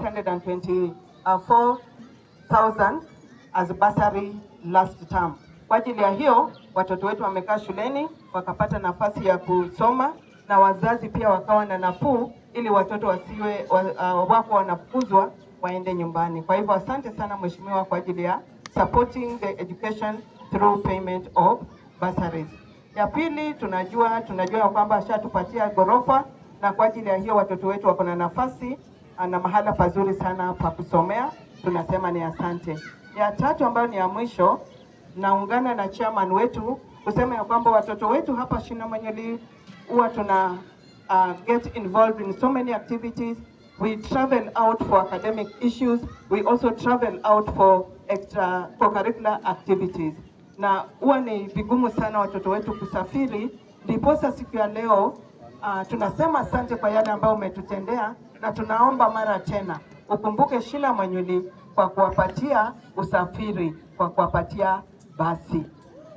624,000 uh, as bursary last term. Kwa ajili ya hiyo watoto wetu wamekaa shuleni wakapata nafasi ya kusoma na wazazi pia wakawa na nafuu ili watoto wasiwe uh, wako wanafukuzwa waende nyumbani. Kwa hivyo asante sana mheshimiwa kwa ajili ya supporting the education through payment of bursaries. Ya pili tunajua tunajua kwamba ashatupatia ghorofa na kwa ajili ya hiyo watoto wetu wako na nafasi ana ah, mahala pazuri sana pa kusomea, tunasema ni asante. Ya tatu ambayo ni ya mwisho, naungana na chairman wetu kusema ya kwamba watoto wetu hapa Shina Shinomanyoli huwa tuna uh, get involved in so many activities we travel out for academic issues we also travel out for extra co-curricular activities, na huwa ni vigumu sana watoto wetu kusafiri, ndiposa siku ya leo uh, tunasema asante kwa yale ambayo umetutendea na tunaomba mara tena ukumbuke shila manyuli kwa kuwapatia usafiri, kwa kuwapatia basi.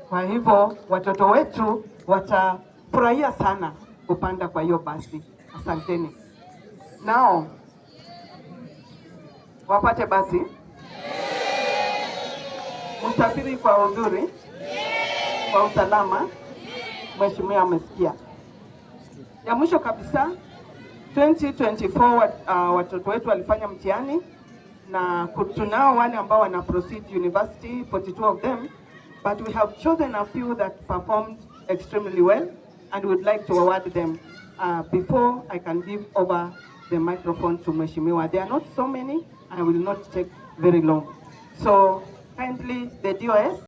Kwa hivyo watoto wetu watafurahia sana kupanda kwa hiyo basi. Asanteni nao wapate basi usafiri kwa uzuri, kwa usalama. Mheshimiwa amesikia. Ya mwisho kabisa 2024 wat, uh, watoto wetu walifanya mtihani na tunao wale ambao wana proceed university 42 of them but we have chosen a few that performed extremely well and would like to award them uh, before I can give over the microphone to Mheshimiwa. There are not so many and I will not take very long. So kindly the DOS